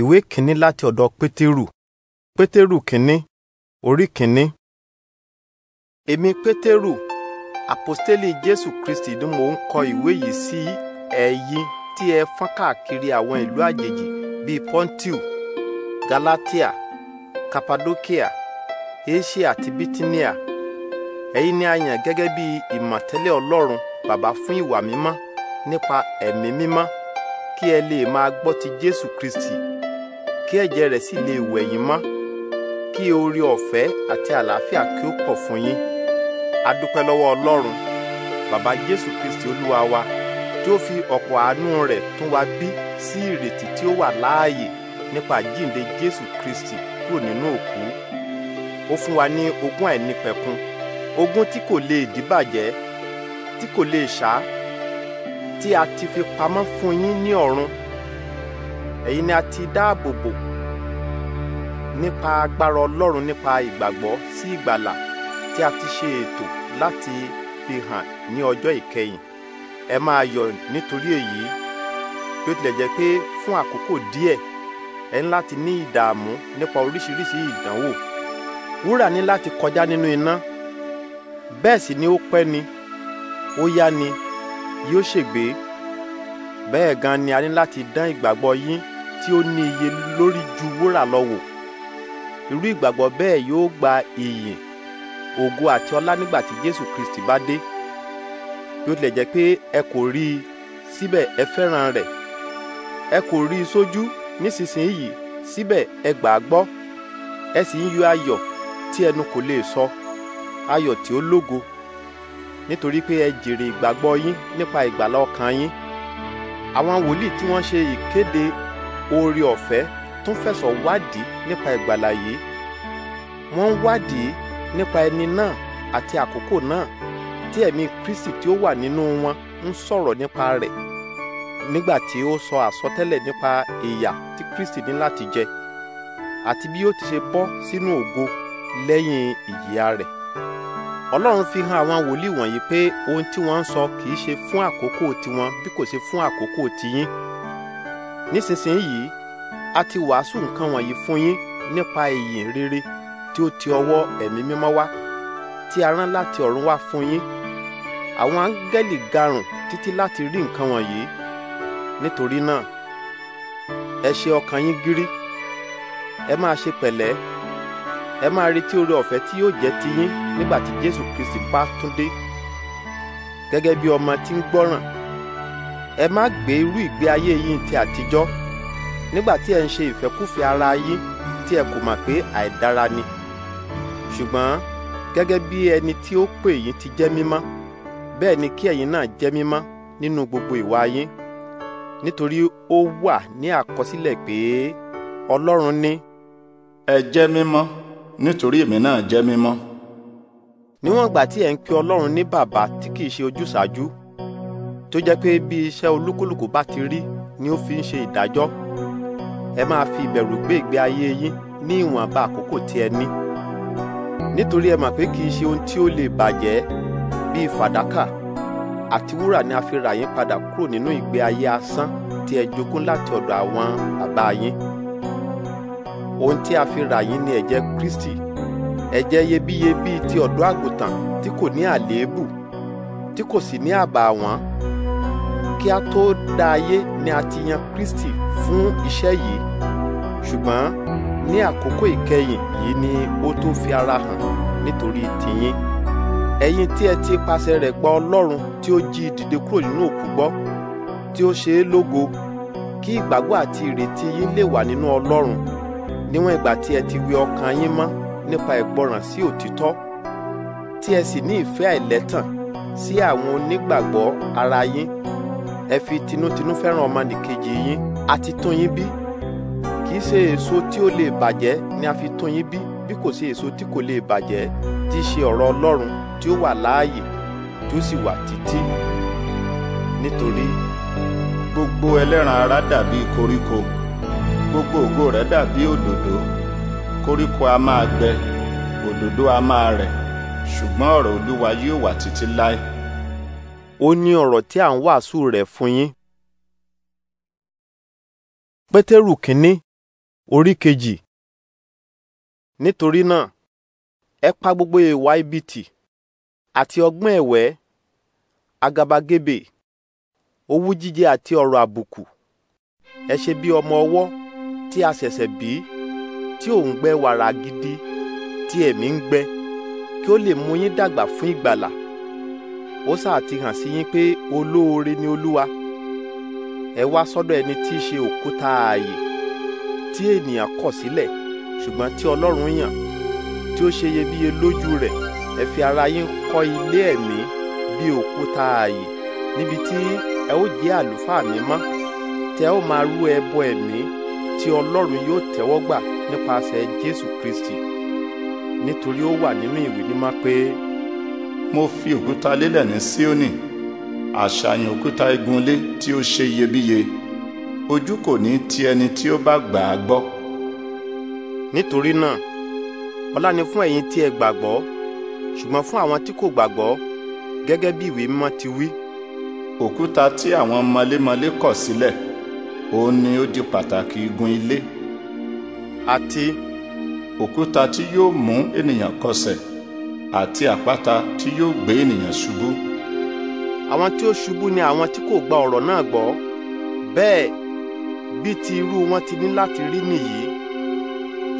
ìwé kìíní láti ọ̀dọ̀ pétérù pétérù kìíní orí kìíní. èmi pétérù àpọ́stélì jésù kristi ni mò ń kọ ìwé yìí sí ẹ̀yin tí ẹ fọ́n káàkiri àwọn ìlú àjèjì bíi pontiu galatia cappadocia asia àti bithynia ẹ̀yin ni a yàn gẹ́gẹ́ bí ìmọ̀tẹ́lẹ̀ ọlọ́run bàbá fún ìwà mímọ́ nípa ẹ̀mí mímọ́ kí ẹ lè máa gbọ́ ti jésù kristi kí ẹ̀jẹ̀ rẹ̀ sì lè wẹ̀ yín mọ́ kí oore ọ̀fẹ́ àti àlàáfíà kí ó pọ̀ fún yín a dúpẹ́ lọ́wọ́ Ọlọ́run bàbá Jésù Kristi Olúwa wa tí ó fi ọ̀pọ̀ àánú rẹ̀ tún wa bí sí ìrètí tí ó wà láàyè nípa jíǹde Jésù Kristi kúrò nínú òkú ó fún wa ní ogún àìnípẹ̀kun ogún tí kò lè dìbàjẹ́ tí kò lè ṣá tí a ti fi pamọ́ fún yín ní ọ̀run èyí ni a ti dáàbò bò nípa agbára Ọlọ́run nípa ìgbàgbọ́ sí ìgbàlà tí a ti ṣe ètò láti fi hàn ní ọjọ́ ìkẹyìn ẹ máa yọ̀ nítorí èyí bí ó tilẹ̀ jẹ́ pé fún àkókò díẹ̀ ẹ ní láti ní ìdààmú nípa oríṣiríṣi ìdánwò wúrà ní láti kọjá nínú iná bẹ́ẹ̀ sì ni ó pẹ́ ni ó yá ni yóò ṣègbé bẹ́ẹ̀ gan ni a ní láti dán ìgbàgbọ́ yín tí ó ní iye lórí ju wúrà lọ wò irú ìgbàgbọ́ bẹ́ẹ̀ yóò gba ìyìn ògo àti ọlá nígbà tí Jésù Kristi bá dé bí ó tilẹ̀ jẹ́ pé ẹ kò rí i síbẹ̀ ẹ fẹ́ràn rẹ̀ ẹ kò rí i sójú nísinsìnyí síbẹ̀ ẹ gbà á gbọ́ ẹ sì ń yọ ayọ̀ tí ẹnu kò lè sọ ayọ̀ tí ó lógo nítorí pé ẹ jèrè ìgbàgbọ́ yín nípa ìgbàlá ọkàn yín àwọn wòlíì tí wọ́n ṣe ìkéde oore ọ̀fẹ́ tó ń fẹ̀sọ̀ wádìí nípa ìgbàlà yìí wọ́n ń wádìí nípa ẹni náà àti àkókò náà tí ẹ̀mí Kristi tí ó wà nínú wọn ń sọ̀rọ̀ nípa rẹ̀ nígbà tí ó sọ àsọtẹ́lẹ̀ nípa ìyà tí Kristi ní láti jẹ àti bí ó ti ṣe bọ́ sínú ògo lẹ́yìn ìjìyà rẹ̀ Ọlọ́run fi hàn àwọn wòlíì wọ̀nyí pé ohun tí wọ́n ń sọ kì í ṣe fún àkókò tiwọn bí kò ṣe fún àkókò tiyín nísinsìnyí a ti wàásù nǹkan wọ̀nyí fún yín nípa ìyìn rere tí ó ti ọwọ́ ẹ̀mí mímọ́ wá tí a rán láti ọ̀run wá fún yín àwọn áńgẹ́lì garùn títí láti rí nǹkan wọ̀nyí nítorí náà ẹ ṣe ọkàn yín gírí ẹ máa ṣe pẹ̀lẹ́ ẹ máa retí oore ọ̀fẹ́ tí yóò jẹ́ tiyín nígbà tí Jésù Kristi bá tún dé gẹ́gẹ́ bí ọmọ tí ń gbọ́ràn ẹ má gbé irú ìgbé ayé yín ti àtijọ́ nígbà tí ẹ ń ṣe ìfẹ́kúfẹ̀ẹ́ ara yín tí ẹ kò mọ̀ pé àìdára ni ṣùgbọ́n gẹ́gẹ́ bí ẹni tí ó pè yín ti jẹ́ mímọ́ bẹ́ẹ̀ ni kí ẹ̀yin náà jẹ́ mímọ́ nínú gbogbo ìwà yín nítorí ó wà ní àkọsílẹ̀ pé Ọlọ́run ní. ẹ jẹ́ mímọ́ nítorí èmi náà jẹ́ mímọ́. níwọ̀n ìgbà tí ẹ̀ ń pe Ọlọ́run ní bàbá tí kìí ṣe ojúsàájú tó jẹ́ pé bí iṣẹ́ olúkúlùkù bá ti rí ni ó fi ń ṣe ìdájọ́ ẹ máa fi ìbẹ̀rù gbé ìgbé ayé yín ní ìwọ̀nba àkókò tí ẹ ní nítorí ẹ mà pé kì í ṣe ohun tí ó lè bàjẹ́ bíi fàdákà àti wúrà ni a fi rà yín padà kúrò nínú ìgbé ayé asán tí ẹ jogún láti ọ̀dọ̀ àwọn bàbá yín ohun tí a fi rà yín ni ẹ̀jẹ̀ Kristi ẹ̀jẹ̀ iyebíye bíi ti ọ̀dọ́ àgùntàn tí kò ní àléébù tí kò sì ní àbàwọ́n kí a tó dá ayé ni a ti yan Kristi fún iṣẹ́ yìí ṣùgbọ́n ní àkókò ìkẹyìn yìí ni ó tó fi ara hàn nítorí tìyín ẹ̀yin tí ẹ ti pasẹ̀ rẹ̀ gba Ọlọ́run tí ó jí dìde kúrò nínú òkú gbọ́ tí ó ṣe é lógo kí ìgbàgbọ́ àti ìrètí yín lè wà nínú Ọlọ́run níwọ̀n ìgbà tí ẹ ti wẹ ọkàn yín mọ́ nípa ìgbọràn sí òtítọ́ tí ẹ sì ní ìfẹ́ àìlẹ́tàn sí àwọn onígbàgbọ́ ara yín ẹ fi tinútinú fẹ́ràn ọmọnìkejì yín a ti tún yín bí kì í ṣe èso tí ó lè bàjẹ́ ni a fi tún yín bí bí kò ṣe èso tí kò lè bàjẹ́ tí í ṣe ọ̀rọ̀ Ọlọ́run tí ó wà láàyè tí ó sì wà títí nítorí gbogbo ẹlẹ́ran ara dàbí koríko gbogbo ògo rẹ̀ dàbí òdòdó koríko a máa gbẹ òdòdó a máa rẹ̀ ṣùgbọ́n ọ̀rọ̀ Olúwa yóò wà títí láé ó ní ọ̀rọ̀ tí à ń wàásù rẹ̀ fún yín. Pétérù kínní orí kejì nítorí náà ẹ pa gbogbo ìwà ibi tì àti ọgbọ́n ẹ̀wẹ́ àgàbàgebè owú jíjẹ àti ọ̀rọ̀ àbùkù ẹ ṣe bí ọmọ ọwọ́ tí a ṣẹ̀ṣẹ̀ bí tí òun gbẹ wàrà gidi tí ẹ̀mí ń gbẹ kí ó lè mú yín dàgbà fún ìgbàlà ó sáà ti hàn sí yín pé olóore ni olúwa ẹ wá sọ́dọ̀ ẹni tí í ṣe òkúta ààyè tí ènìyàn kọ̀ sílẹ̀ ṣùgbọ́n tí ọlọ́run yàn tí ó ṣe iyebíye lójú rẹ̀ ẹ fi ara yín kọ́ ilé ẹ̀mí bí òkúta ààyè níbi tí ẹ ó jẹ́ àlùfáà mímọ́ tẹ ó máa rú ẹbọ ẹ̀mí tí ọlọ́run yóò tẹ́wọ́ gbà nípasẹ̀ jésù kristi nítorí ó wà nínú ìwé mímọ́ pé mo fi òkúta lélẹ̀ ní Síónì àṣàyàn òkúta igunlé tí ó ṣe iyebíye ojú kò ní ti ẹni tí ó bá gbà á gbọ́. nítorí náà ọlá ni fún ẹ̀yin tí ẹ gbàgbọ́ ṣùgbọ́n fún àwọn tí kò gbàgbọ́ gẹ́gẹ́ bí ìwé mímọ́ ti wí. òkúta tí àwọn mọlémọlé kọ̀ sílẹ̀ òun ni ó di pàtàkì igun ilé àti òkúta tí yóò mú ènìyàn kọsẹ̀ àti àpáta tí yóò gbé ènìyàn ṣubú. àwọn tí ó ṣubú ni àwọn tí kò gba ọ̀rọ̀ náà gbọ́ bẹ́ẹ̀ bí ti irú wọn ti ní láti rí nìyí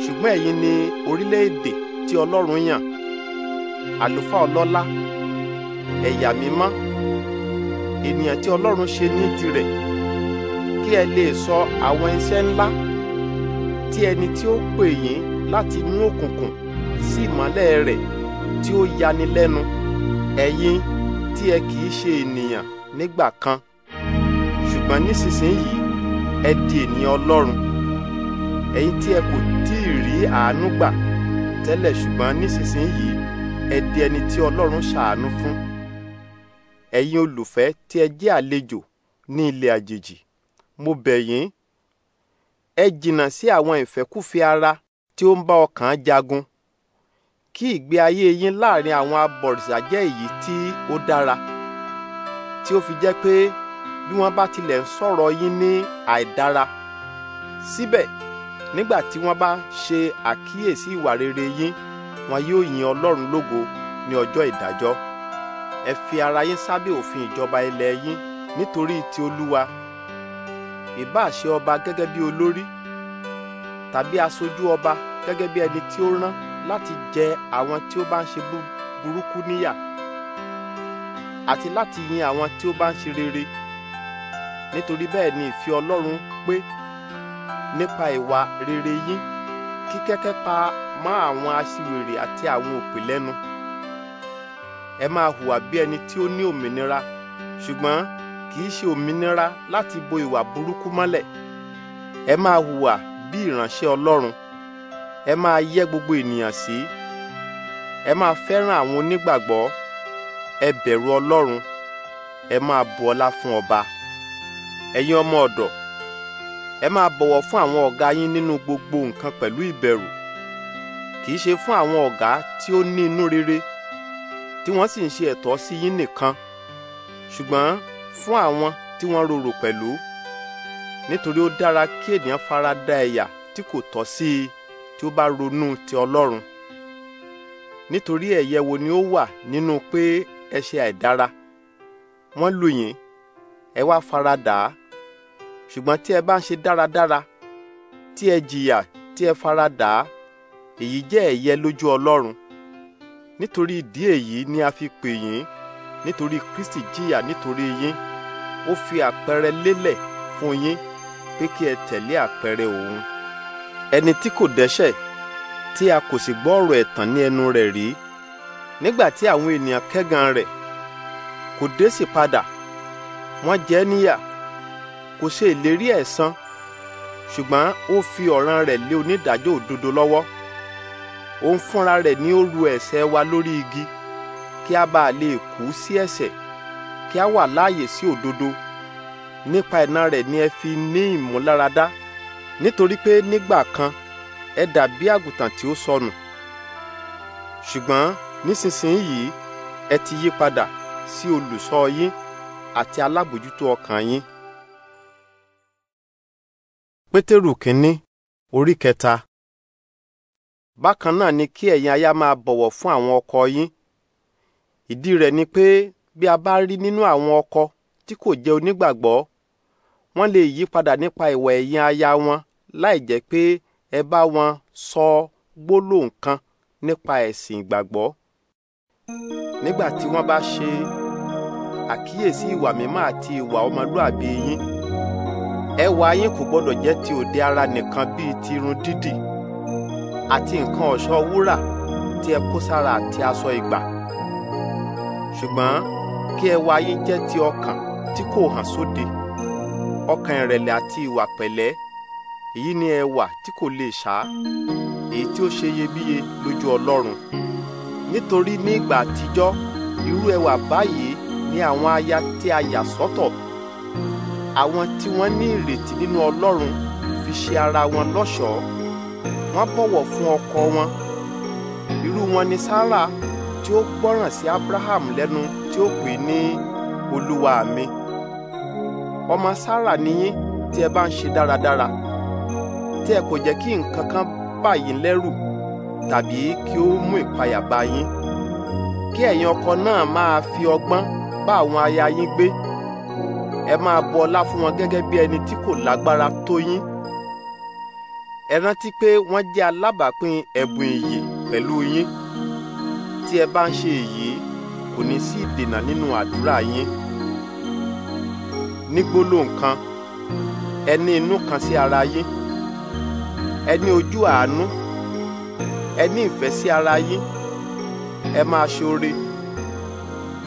ṣùgbọ́n ẹ̀yin ni orílẹ̀-èdè tí Ọlọ́run yàn àlùfáà ọlọ́lá ẹ̀yà mímọ́ ènìyàn tí Ọlọ́run ṣe ní tirẹ̀ kí ẹ lè sọ àwọn iṣẹ́ ńlá tí ẹni tí ó pè yín láti inú òkùnkùn sí ìmọ́lẹ̀ rẹ̀ tí ó yani lẹ́nu ẹ̀yin tí ẹ kì í ṣe ènìyàn nígbà kan ṣùgbọ́n nísinsìnyí ẹ di ènìyàn Ọlọ́run ẹ̀yin tí ẹ kò tí ì rí àánú gbà tẹ́lẹ̀ ṣùgbọ́n nísinsìnyí ẹ di ẹni tí Ọlọ́run ṣàánú fún ẹ̀yin olùfẹ́ tí ẹ jẹ́ àlejò ní ilẹ̀ àjèjì mo bẹ̀ yín ẹ jìnnà sí àwọn ìfẹ́kúfẹ̀ẹ́ ara tí ó ń bá ọkàn jagun kí ìgbé ayé yín láàrin àwọn abọ̀rìṣà jẹ́ èyí tí ó dára tí ó fi jẹ́ pé bí wọ́n bá tilẹ̀ ń sọ̀rọ̀ yín ní àìdára síbẹ̀ nígbà tí wọ́n bá ṣe àkíyèsí ìwà rere yín wọn yóò yin Ọlọ́run lógo ní ọjọ́ ìdájọ́ ẹ fi ara yín sábẹ́ òfin ìjọba ilẹ̀ yín nítorí ti Olúwa ìbáà ṣe ọba gẹ́gẹ́ bí olórí tàbí aṣojú ọba gẹ́gẹ́ bí ẹni tí ó rán láti jẹ àwọn tí ó bá ń ṣe burúkú níyà àti láti yìn àwọn tí ó bá ń ṣe rere nítorí bẹ́ẹ̀ ni ìfẹ́ Ọlọ́run pé nípa ìwà rere yín kí kẹ́kẹ́ pa mọ́ àwọn aṣiwèrè àti àwọn òpè lẹ́nu ẹ máa hùwà bí ẹni tí ó ní òmìnira ṣùgbọ́n kì í ṣe òmìnira láti bo ìwà burúkú mọ́lẹ̀ ẹ máa hùwà bí ìránṣẹ́ Ọlọ́run ẹ máa yẹ́ gbogbo ènìyàn sí ẹ máa fẹ́ràn àwọn onígbàgbọ́ ẹ bẹ̀rù ọlọ́run ẹ máa bu ọlá fún ọba ẹ̀yin ọmọ ọ̀dọ̀ ẹ máa bọ̀wọ̀ fún àwọn ọ̀gá yín nínú gbogbo nǹkan pẹ̀lú ìbẹ̀rù kì í ṣe fún àwọn ọ̀gá tí ó ní inú rere tí wọ́n sì ń ṣe ẹ̀tọ́ sí yín nìkan ṣùgbọ́n fún àwọn tí wọ́n rorò pẹ̀lú nítorí ó dára kí ènìyàn fara da ẹ̀yà tí kò tọ́ sí i tí ó bá ronú ti Ọlọ́run nítorí ẹ̀yẹ ni ó wà nínú pé ẹ ṣe àìdára wọ́n lù yín ẹ wá faradà á ṣùgbọ́n tí ẹ bá ń ṣe dáradára tí ẹ jìyà tí ẹ faradà á èyí jẹ́ ẹ̀yẹ lójú Ọlọ́run nítorí ìdí èyí ni a fi pè yín nítorí Kristi jìyà nítorí yín ó fi àpẹẹrẹ lélẹ̀ fún yín pé kí ẹ tẹ̀lé àpẹẹrẹ òun ẹni tí kò dẹ́ṣẹ̀ tí a kò sì gbọ́ ọ̀rọ̀ ẹ̀tàn ní ẹnu rẹ̀ rí nígbà tí àwọn ènìyàn kẹ́gàn rẹ̀ kò dé sí padà wọ́n jẹ́ níyà kò ṣe ìlérí ẹ̀san ṣùgbọ́n ó fi ọ̀ràn rẹ̀ lé onídàájọ́ òdodo lọ́wọ́ òun fúnra rẹ̀ ni ó ru wa lórí igi kí a bá lè kú sí ẹ̀ṣẹ̀ kí a wà láàyè sí òdodo nípa iná rẹ̀ ni ẹ fi ní ìmúláradá nítorí pé nígbà kan ẹ dàbí àgùntàn tí ó sọnù ṣùgbọ́n nísinsìnyí ẹ ti yí padà sí olùṣọ́ yín àti alábòjútó ọkàn yín. pétérù kínní orí kẹta bákan náà ni kí ẹ̀yin aya máa bọ̀wọ̀ fún àwọn ọkọ yín ìdí rẹ̀ ni pé bí a bá rí nínú àwọn ọkọ tí kò jẹ́ onígbàgbọ́ wọ́n lè yí padà nípa ìwà ẹ̀yìn aya wọn láì jẹ́ pé ẹ bá wọn sọ gbólóhùn kan nípa ẹ̀sìn ìgbàgbọ́. nígbà tí wọ́n bá ṣe àkíyèsí ìwà mímọ́ àti ìwà ọmọlúàbí yín ẹwà yín kò gbọ́dọ̀ jẹ́ ti òde ara nìkan bíi ti irun dídì àti nǹkan ọ̀ṣọ́ wúrà tí ẹ kó sára àti aṣọ ìgbà ṣùgbọ́n kí ẹwà yín jẹ́ ti ọkàn tí kò hàn sóde. So ọkàn ìrẹ̀lẹ̀ àti ìwà pẹ̀lẹ́ èyí ni ẹwà tí kò lè ṣá èyí tí ó ṣe iyebíye lójú Ọlọ́run nítorí ní ìgbà àtijọ́ irú ẹwà báyìí ni àwọn aya tí a yà sọ́tọ̀ àwọn tí wọ́n ní ìrètí nínú Ọlọ́run fi ṣe ara wọn lọ́ṣọ̀ọ́ wọ́n bọ̀wọ̀ fún ọkọ wọn irú wọn ni Sárà tí ó gbọ́ràn sí Abraham lẹ́nu tí ó pè ní olúwa mi ọmọ Sárà niyín tí ẹ bá ń ṣe dáradára tí ẹ kò jẹ́ kí nǹkan kan bà yín lẹ́rù tàbí kí ó mú ìpayà bá yín kí ẹ̀yin ọkọ náà máa fi ọgbọ́n bá àwọn aya yín gbé ẹ máa bu ọlá fún wọn gẹ́gẹ́ bí ẹni tí kò lágbára tó yín ẹ rántí pé wọ́n jẹ́ alábàápín ẹ̀bùn ìyè pẹ̀lú yín tí ẹ bá ń ṣe èyí kò ní sí ìdènà nínú àdúrà yín ní gbólóhùn kan ẹ ní inú kan sí ara yín ẹ ní ojú àánú ẹ ní ìfẹ́ sí ara yín ẹ máa ṣoore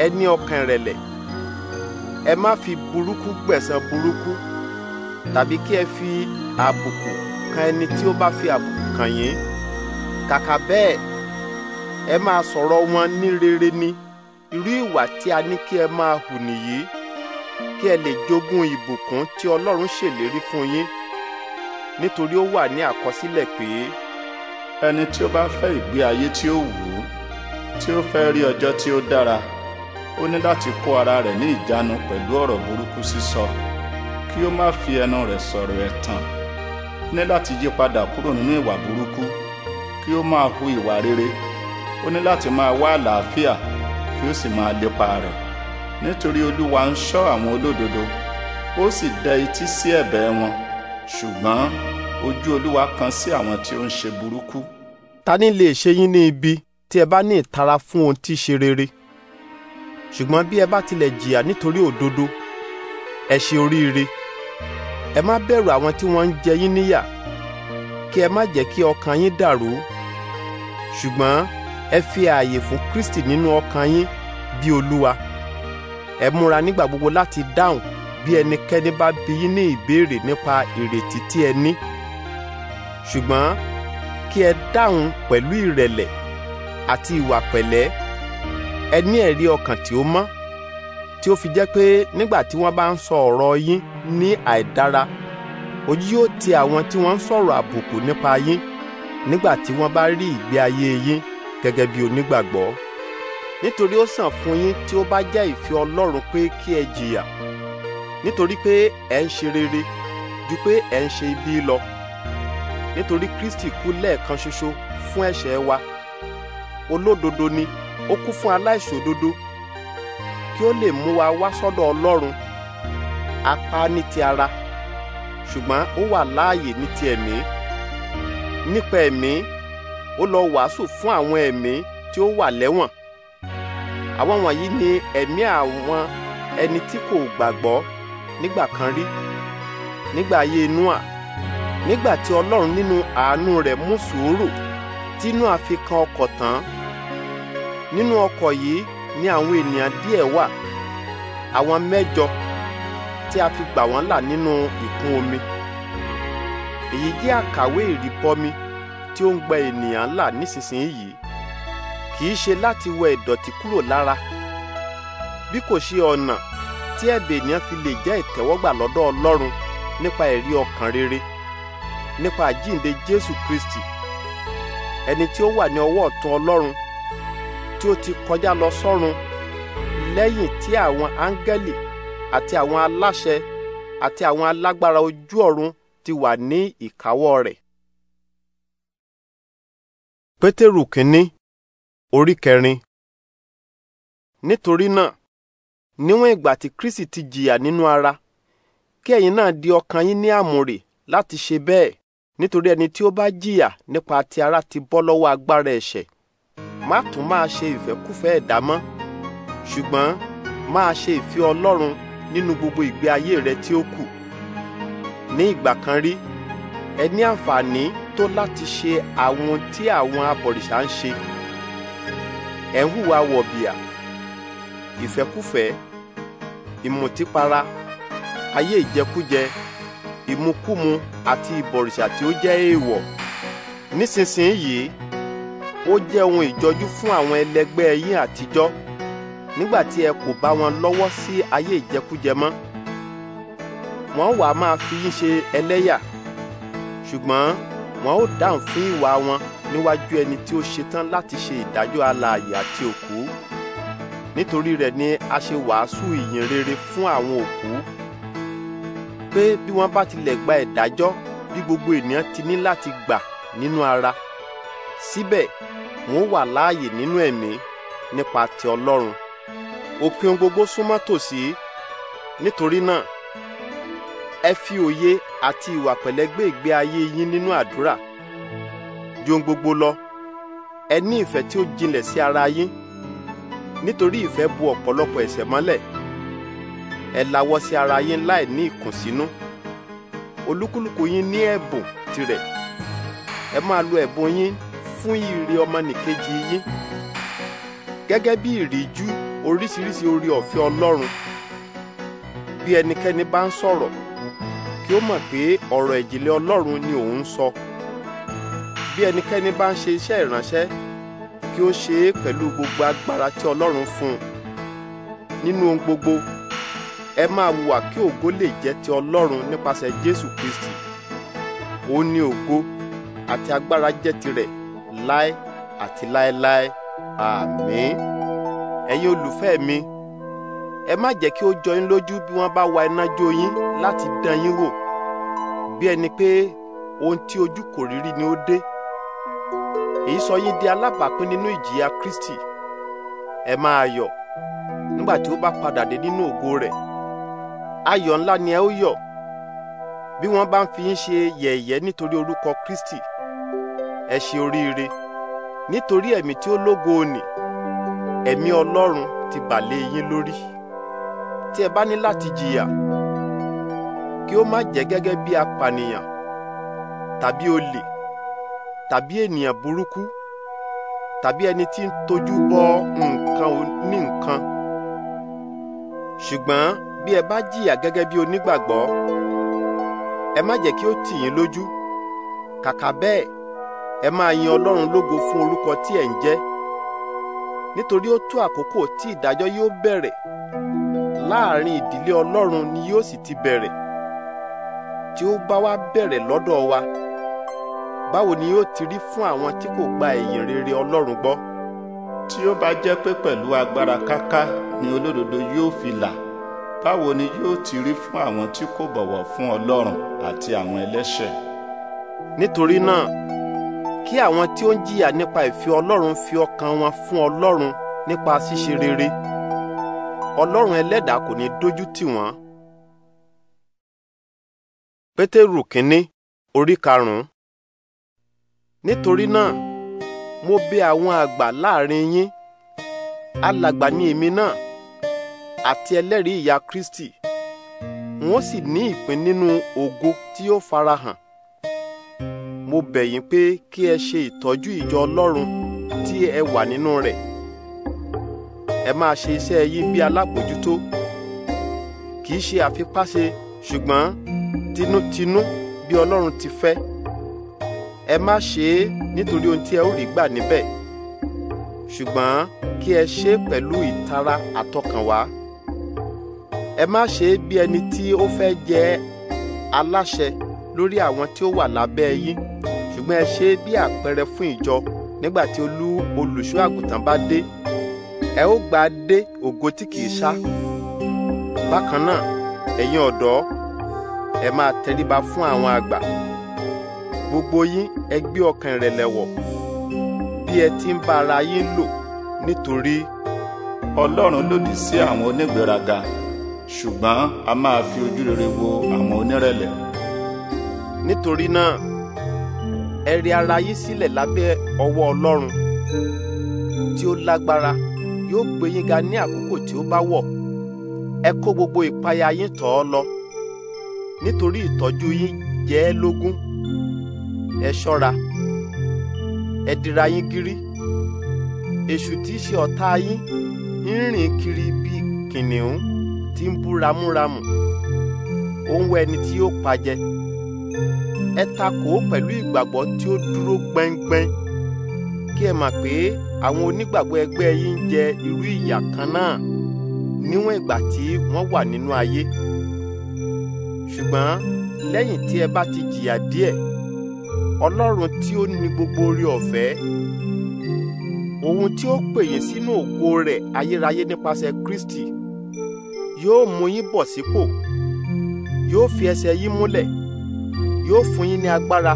ẹ ní ọkàn ìrẹ̀lẹ̀ ẹ má fi burúkú gbẹ̀san burúkú tàbí kí ẹ fi àbùkù kan ẹni tí ó bá fi àbùkù kàn yín kàkà bẹ́ẹ̀ ẹ máa sọ̀rọ̀ wọn ní rere ni irú ìwà tí a ní kí ẹ máa hù nìyí kí ẹ lè jogún ìbùkún tí Ọlọ́run ṣèlérí fún yín nítorí ó wà ní àkọsílẹ̀ pé. ẹni tí ó bá fẹ́ ìgbé ayé tí ó wù ú tí ó fẹ́ rí ọjọ́ tí ó dára ó ní láti kó ara rẹ̀ ní ìjánu pẹ̀lú ọ̀rọ̀ burúkú sísọ kí ó má fi ẹnu rẹ̀ sọ̀rọ̀ ẹ̀tàn ó ní láti yí padà kúrò nínú ìwà burúkú kí ó máa hu ìwà rere ó ní láti máa wá àlàáfíà kí ó sì máa lépa rẹ̀ nítorí olúwa ń ṣọ́ àwọn olódodo ó sì dẹ etí sí ẹ̀bẹ̀ wọn ṣùgbọ́n ojú olúwa kan sí àwọn tí ó ń ṣe burúkú. ta ni lè ṣe yín ní ibi tí ẹ bá ní ìtara fún ohun tí í ṣe rere ṣùgbọ́n bí ẹ bá tilẹ̀ jìyà nítorí òdodo ẹ ṣe oríire ẹ má bẹ̀rù àwọn tí wọ́n ń jẹ yín níyà kí ẹ má jẹ́ kí ọkàn yín dàrú ṣùgbọ́n ẹ fi ààyè fún Kristi nínú ọkàn yín bí Olúwa ẹ múra nígbà gbogbo láti dáhùn bí ẹnikẹ́ni bá bi yín ní ìbéèrè nípa ìrètí tí ẹ ní ṣùgbọ́n kí ẹ dáhùn pẹ̀lú ìrẹ̀lẹ̀ àti ìwà pẹ̀lẹ́ ẹ ní ẹ̀rí ọkàn tí ó mọ́ tí ó fi jẹ́ pé nígbà tí wọ́n bá ń sọ ọ̀rọ̀ yín ní àìdára ojú yóò ti àwọn tí wọ́n ń sọ̀rọ̀ àbùkù nípa yín nígbà tí wọ́n bá rí ìgbé ayé yín gẹ́gẹ́ bí onígbàgbọ́ nítorí ó sàn fún yín tí ó bá jẹ́ ìfẹ́ Ọlọ́run pé kí ẹ jìyà nítorí pé ẹ ń ṣe rere ju pé ẹ ń ṣe ibi lọ nítorí Kristi kú lẹ́ẹ̀kan ṣoṣo fún ẹ̀ṣẹ̀ wa olódodo ni ó kú fún aláìṣòdodo kí ó lè mú wa wá sọ́dọ̀ Ọlọ́run a ní ti ara ṣùgbọ́n ó wà láàyè ní ti ẹ̀mí nípa ẹ̀mí ó lọ wàásù fún àwọn ẹ̀mí tí ó wà lẹ́wọ̀n àwọn wọ̀nyí ni ẹ̀mí àwọn ẹni tí kò gbàgbọ́ nígbà kan rí nígbà ayé Nóà nígbà tí Ọlọ́run nínú àánú rẹ̀ mú sùúrù tí Nóà fi kan ọkọ̀ tán nínú ọkọ̀ yìí ni àwọn ènìyàn díẹ̀ wà àwọn mẹ́jọ tí a fi gbà wọ́n là nínú ìkún omi èyí jẹ́ àkàwé ìrìbọmi tí ó ń gba ènìyàn là nísinsìnyí kì í ṣe láti wẹ ìdọ̀tí kúrò lára bí kò ṣe ọ̀nà tí ẹ̀bẹ̀ ènìyàn fi lè jẹ́ ìtẹ́wọ́gbà lọ́dọ̀ Ọlọ́run nípa ẹ̀rí ọkàn rere nípa àjíǹde Jésù Kristi ẹni tí ó wà ní ọwọ́ ọ̀tún Ọlọ́run tí ó ti kọjá lọ sọ́run lẹ́yìn tí àwọn áńgẹ́lì àti àwọn aláṣẹ àti àwọn alágbára ojú ọ̀run ti wà ní ìkáwọ́ rẹ̀. Pétérù kínní orí kẹrin nítorí náà níwọ̀n ìgbà tí kristi ti jìyà nínú ara kí ẹ̀yin náà di ọkàn yín ní àmùrè láti ṣe bẹ́ẹ̀ nítorí ẹni tí ó bá jìyà nípa ti ara ti bọ́ lọ́wọ́ agbára ẹ̀ṣẹ̀ má tún máa ṣe ìfẹ́kúfẹ́ ẹ̀dá mọ́ ṣùgbọ́n máa ṣe ìfẹ́ ọlọ́run nínú gbogbo ìgbé ayé rẹ tí ó kù ní ìgbà kan rí ẹ ní àǹfààní tó láti ṣe àwọn tí àwọn abọ̀rìṣà ń ṣe ẹ̀ ń hùwà wọ̀bìà ìfẹ́kúfẹ̀ẹ́ ìmùtípara ayé ìjẹkújẹ ìmukúmu àti ìbọ̀rìṣà tí ó jẹ́ èèwọ̀ nísinsìnyí ó jẹ́ ohun ìjọjú fún àwọn ẹlẹgbẹ́ yín àtijọ́ nígbà tí ẹ kò bá wọn lọ́wọ́ sí ayé ìjẹkújẹ mọ́ wọ́n wàá máa fi yín ṣe ẹlẹ́yà ṣùgbọ́n wọn ó dáhùn fún ìwà wọn níwájú ẹni tí ó ṣetán láti ṣe ìdájọ́ alààyè àti òkú nítorí rẹ̀ ni a ṣe wàásù ìyìn rere fún àwọn òkú pé bí wọ́n bá tilẹ̀ gba ìdájọ́ bí gbogbo ènìyàn ti ní láti gbà nínú ara síbẹ̀ wọ́n wà láàyè nínú ẹ̀mí nípa ti Ọlọ́run òpin gbogbo súnmọ́ tòsí nítorí náà ẹ fi òye àti ìwà pẹ̀lẹ́ gbé ìgbé ayé yín nínú àdúrà. ju ohun gbogbo lọ ẹ ní ìfẹ́ tí ó jinlẹ̀ sí ara yín nítorí ìfẹ́ bu ọpọlọpọ ẹ̀ṣẹ̀ mọ́lẹ̀ ẹ ara sí ara yín láì ní ìkùnsínú olúkúlùkù yín ní ẹ̀bùn tirẹ̀ ẹ máa lo ẹ̀bùn yín fún ire ọmọnìkejì yín gẹgẹ bí ìríjú oríṣiríṣi orí ọ̀fẹ́ ọlọrun bí ẹnikẹ́ni bá ń sọ̀rọ̀ kí ó ma pé ọrọ ìjìnlẹ̀ ọlọrun ni òun sọ. So bí ẹnikẹ́ni bá ń ṣe iṣẹ́ ìránṣẹ́ kí ó ṣe é pẹ̀lú gbogbo agbára tí Ọlọ́run fún un nínú ohun gbogbo ẹ máa hùwà kí ògo lè jẹ́ ti Ọlọ́run nípasẹ̀ Jésù Kristi òun ni ògo àti agbára jẹ́ tirẹ̀ láé àti láéláé àmín ẹ̀yin olùfẹ́ mi ẹ má jẹ́ kí ó jọ yín lójú bí wọ́n bá wa iná jó yín láti dán yín wò bí ẹni pé ohun tí ojú kò rí rí ni ó dé èyí sọ yín di alábàápín nínú ìjìyà Kristi ẹ máa yọ̀ nígbà tí ó bá padà dé nínú ògo rẹ̀ ayọ̀ ńlá ni ẹ ó yọ̀ bí wọ́n bá ń fi ń ṣe yẹ̀yẹ́ nítorí orúkọ Kristi ẹ ṣe oríire nítorí ẹ̀mí tí ó lógo òní ẹ̀mí Ọlọ́run ti bà lé yín lórí tí ẹ bá ní láti jìyà kí ó má jẹ́ gẹ́gẹ́ bí apànìyàn tàbí olè tàbí ènìyàn burúkú tàbí ẹni tí ń tojú bọ nǹkan ní nǹkan ṣùgbọ́n bí ẹ bá jìyà gẹ́gẹ́ bí onígbàgbọ́ ẹ má jẹ́ kí ó tì yín lójú kàkà bẹ́ẹ̀ ẹ máa yin Ọlọ́run lógo fún orúkọ tí ẹ̀ ń jẹ́ nítorí ó tó àkókò tí ìdájọ́ yóò bẹ̀rẹ̀ láàrin ìdílé ni yóò sì ti bẹ̀rẹ̀ tí ó bá wá bẹ̀rẹ̀ lọ́dọ̀ wa. báwo ni yóò ti rí fún àwọn tí kò gba ìyìn rere Ọlọ́run gbọ́ tí ó bá jẹ́ pé pẹ̀lú agbára káká ni olódodo yóò fi là báwo ni yóò ti rí fún àwọn tí kò bọ̀wọ̀ fún Ọlọ́run àti àwọn ẹlẹ́ṣẹ̀. nítorí náà kí àwọn tí ó ń jìyà nípa ìfi Ọlọ́run fi ọkàn wọn fún Ọlọ́run nípa ṣíṣe rere Ọlọ́run ẹlẹ́dàá kò ní dójú tì wọ́n. Pétérù kínní orí karùnún nítorí náà mo bẹ àwọn àgbà láàrin yín alàgbà ni èmi náà àti ẹlẹ́rìí ìyà Kristi wọ́n sì ní ìpín nínú ògo tí ó farahàn mo bẹ̀ yín pé kí ẹ ṣe ìtọ́jú ìjọ Ọlọ́run tí ẹ wà nínú rẹ̀ ẹ máa ṣe iṣẹ́ yín bí alábòjútó kì í ṣe àfipáṣe ṣùgbọ́n tinútinú bí Ọlọ́run ti fẹ́ ẹ má ṣe é nítorí ohun tí ẹ ó rí gbà níbẹ̀ ṣùgbọ́n kí ẹ ṣe é pẹ̀lú ìtara àtọkànwá ẹ má ṣe é bí ẹni tí ó fẹ́ jẹ aláṣẹ lórí àwọn tí ó wà lábẹ́ yín ṣùgbọ́n ẹ ṣe é bí àpẹẹrẹ fún ìjọ nígbà tí olú olùṣọ́ àgùntàn bá dé ẹ ó gba dé ògo tí kìí ṣá bákan náà ẹ̀yin ọ̀dọ́ ẹ máa tẹríba fún àwọn àgbà gbogbo yín ẹ gbé ọkàn ìrẹ̀lẹ̀ wọ̀ bí ẹ ti ń bá ara yín lò nítorí. ọlọ́run lòdì sí àwọn onígbéraga ṣùgbọ́n a máa fi ojú rere wo àwọn onírẹ̀lẹ̀. nítorí náà ẹ rẹ ara yín sílẹ̀ lábẹ́ ọwọ́ ọlọ́run tí ó lágbára yóò gbé yín ga ní àkókò tí ó bá wọ̀ ẹ kó gbogbo ìpayà yín tọ̀ ọ́ lọ nítorí ìtọ́jú yín jẹ́ ẹ́ lógún ẹ ṣọ́ra ẹ dira yín gírí èṣù tí í ṣe ọ̀tá yín ń rìn kiri bíi kìnìún tí ń bú ramúramù ó ń wá ẹni tí yóò pa jẹ ẹ takò ó pẹ̀lú ìgbàgbọ́ tí ó dúró gbẹ́ngbẹ́ng kí ẹ mà pé àwọn onígbàgbọ́ ẹgbẹ́ yín ń jẹ irú ìyà kan náà níwọ̀n ìgbà tí wọ́n wà nínú ayé ṣùgbọ́n lẹ́yìn tí ẹ bá ti jìyà díẹ̀ ọlọ́run tí ó ní gbogbo orí ọ̀fẹ́ òun tí ó pèyè sínú ògo rẹ̀ ayérayé nípasẹ̀ kristi yóò mú yín bọ̀ sípò yóò fi ẹsẹ̀ yín múlẹ̀ yóò fún yín ní agbára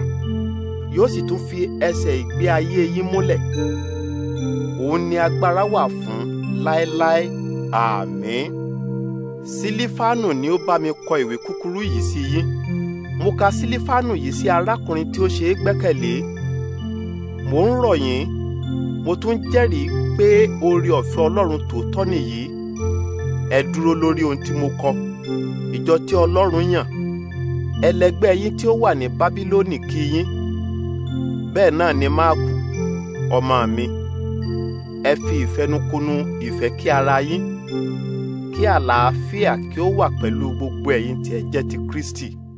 yóò sì tún fi ẹsẹ̀ ìgbé ayé yín múlẹ̀ òun ni agbára wà fún láéláé àmín sílífánù ni ó bá mi kọ ìwé kúkúrú yìí sí yín mo ka sílífánù yìí sí arákùnrin tí ó ṣe é gbẹ́kẹ̀lé mo ń rọ̀ yín mo tún jẹ́rìí pé oore ọ̀fẹ́ ọlọ́run tòótọ́ nìyí ẹ dúró lórí ohun tí mo kọ ìjọ tí ọlọ́run yàn ẹlẹgbẹ́ yín tí ó wà ní bábílónì kí yín bẹ́ẹ̀ náà ni máàkù ọmọ mi ẹ fi ìfẹnukonu ìfẹ́ kí ara yín kí àlàáfíà kí ó wà pẹ̀lú gbogbo ẹ̀yin tí ẹ jẹ́ ti Kristi.